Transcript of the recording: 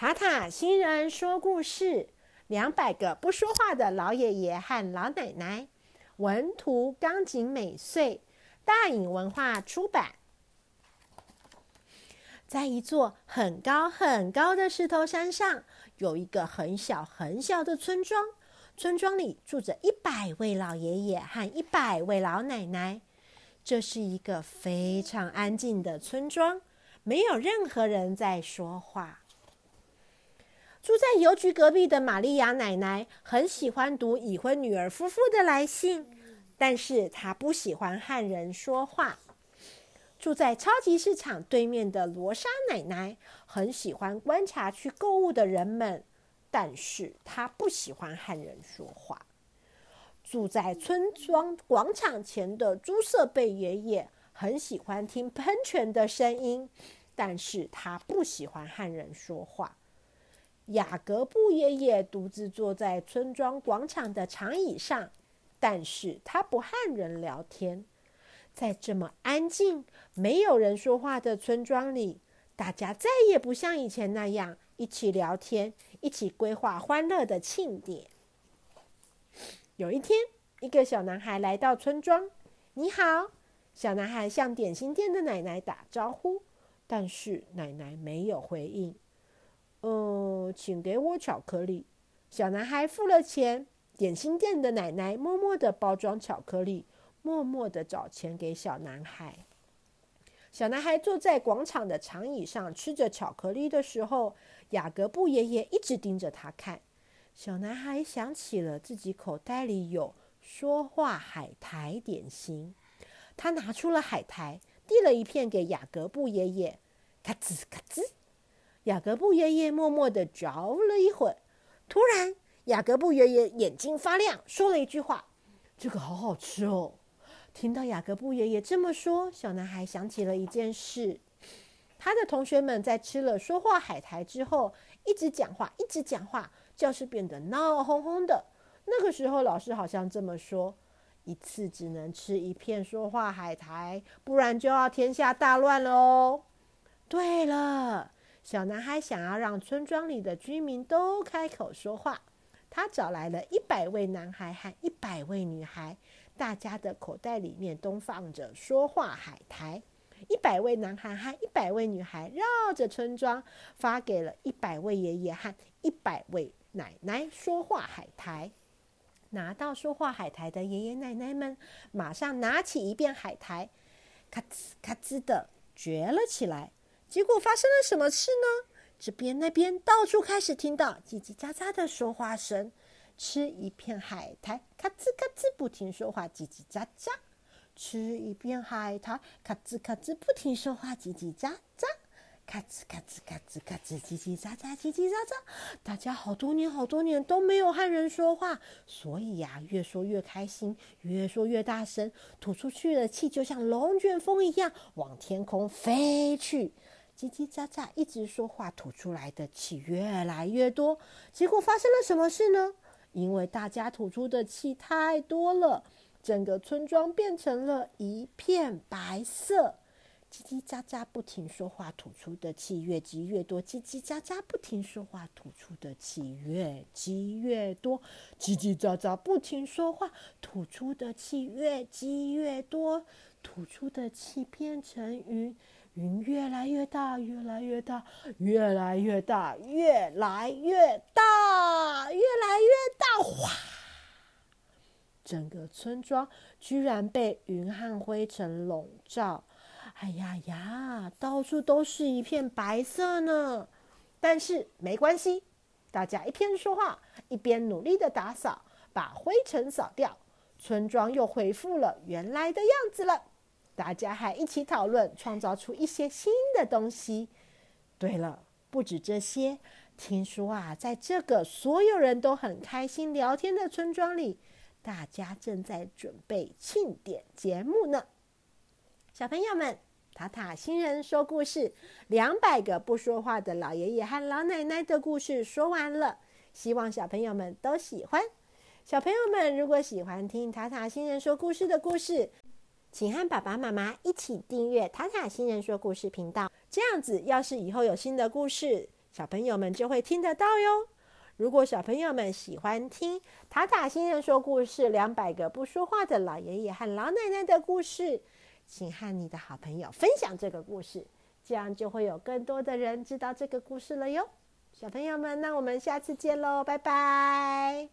塔塔星人說故事：兩百個不說話的老爺爺和老奶奶。文圖：岡井美穗，大穎文化出版。在一座很高很高的石頭山上，有一個很小很小的村莊。村莊裡住着一百位老爺爺和一百位老奶奶。這是一個非常安靜的村莊，沒有任何人在說話。住在郵局隔壁的瑪麗亞奶奶很喜歡讀已婚女兒夫婦的來信，但是她不喜歡和人說話。住在超級市場對面的羅莎奶奶很喜歡觀察去購物的人們，但是她不喜歡和人說話。住在村莊廣場前的朱色貝爺爺很喜歡聽噴泉的聲音，但是他不喜歡和人說話。雅各布爺爺獨自坐在村莊廣場的長椅上，但是他不和人聊天。在這麼安靜、沒有人說話的村莊裡，大家再也不像以前那樣一起聊天，一起規劃歡樂的慶典。有一天，一個小男孩來到村莊。“你好！”小男孩向點心店的奶奶打招呼，但是奶奶沒有回應。呃、嗯，請給我巧克力。小男孩付了錢，點心店的奶奶默默地包裝巧克力，默默地找錢給小男孩。小男孩坐在廣場的長椅上吃着巧克力的時候，雅各布爺爺一直盯着他看。小男孩想起了自己口袋裡有說話海苔點心，他拿出了海苔，遞了一片給雅各布爺爺，嘎吱嘎吱。雅各布爺爺默默地嚼了一會兒，突然，雅各布爺爺眼睛發亮，說了一句話：“這個好好吃哦。”聽到雅各布爺爺這麼說，小男孩想起了一件事：他的同學們在吃了說話海苔之後，一直講話，一直講話，教室變得鬧哄哄的。那個時候，老師好像這麼說：“一次只能吃一片說話海苔，不然就要天下大亂了哦。”對了。小男孩想要讓村莊裡的居民都開口說話。他找來了一百位男孩和一百位女孩，大家的口袋裡面都放着說話海苔。一百位男孩和一百位女孩繞着村莊，發給了一百位爺爺和一百位奶奶說話海苔。拿到說話海苔的爺爺奶奶們，馬上拿起一片海苔，咔吱咔吱的嚼了起來。結果發生了什麼事呢？這邊那邊到處開始聽到嘰嘰喳喳的說話聲。吃一片海苔，咔吱咔吱不停說話，嘰嘰喳喳。吃一片海苔，咔吱咔吱不停說話，嘰嘰喳喳。咔吱咔吱咔吱咔吱，嘰嘰喳喳，嘰嘰喳喳。大家好多年好多年都沒有和人說話，所以呀，越說越開心，越說越大聲，吐出去的氣就像龍捲風一樣往天空飛去。嘰嘰喳喳一直說話，吐出來的氣越來越多。結果發生了什麼事呢？因為大家吐出的氣太多了，整個村莊變成了一片白色。嘰嘰喳喳不停說話，吐出的氣越積越多。嘰嘰喳喳不停說話，吐出的氣越積越多。嘰嘰喳喳不停說話，吐出的氣越積越多。吐出的氣變成雲。雲越來越大，越來越大，越來越大，越來越大，越來越大，嘩！整個村莊居然被雲和灰塵籠罩。哎呀呀，到處都是一片白色呢。但是沒關係，大家一邊說話一邊努力的打掃，把灰塵掃掉，村莊又恢復了原來的樣子了。大家還一起討論，創造出一些新的東西。對了，不止這些，聽說啊，在這個所有人都很開心聊天的村莊裡，大家正在準備慶典節目呢。小朋友們，塔塔星人說故事：兩百個不說話的老爺爺和老奶奶的故事說完了，希望小朋友們都喜歡。小朋友們，如果喜歡聽塔塔星人說故事的故事，請和爸爸媽媽一起訂閱塔塔星人說故事頻道，這樣子，要是以後有新的故事，小朋友們就會聽得到喲。如果小朋友們喜歡聽塔塔星人說故事《兩百個不說話的老爺爺和老奶奶的故事》，請和你的好朋友分享這個故事，這樣就會有更多的人知道這個故事了喲。小朋友們，那我們下次見嘍，拜拜。